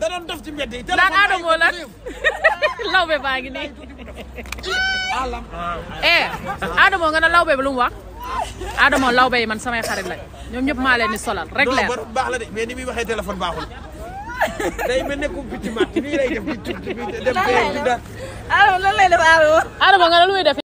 da doon dof ci mbedd yi. naan Adamo lan lawbe baa ngi nii. eh Adamo nga ne lawbe bi lu mu wax. Adamo lawbe yi man samay xarit lañ ñoom ñëpp maa leen di solal rek leer. baax la de mais ni muy waxee téléphone baaxul. day mel ne ku picc mat nii lay def di tudd dem. lan lay def Adamo lan lay def Adamo. Adamo lu muy def.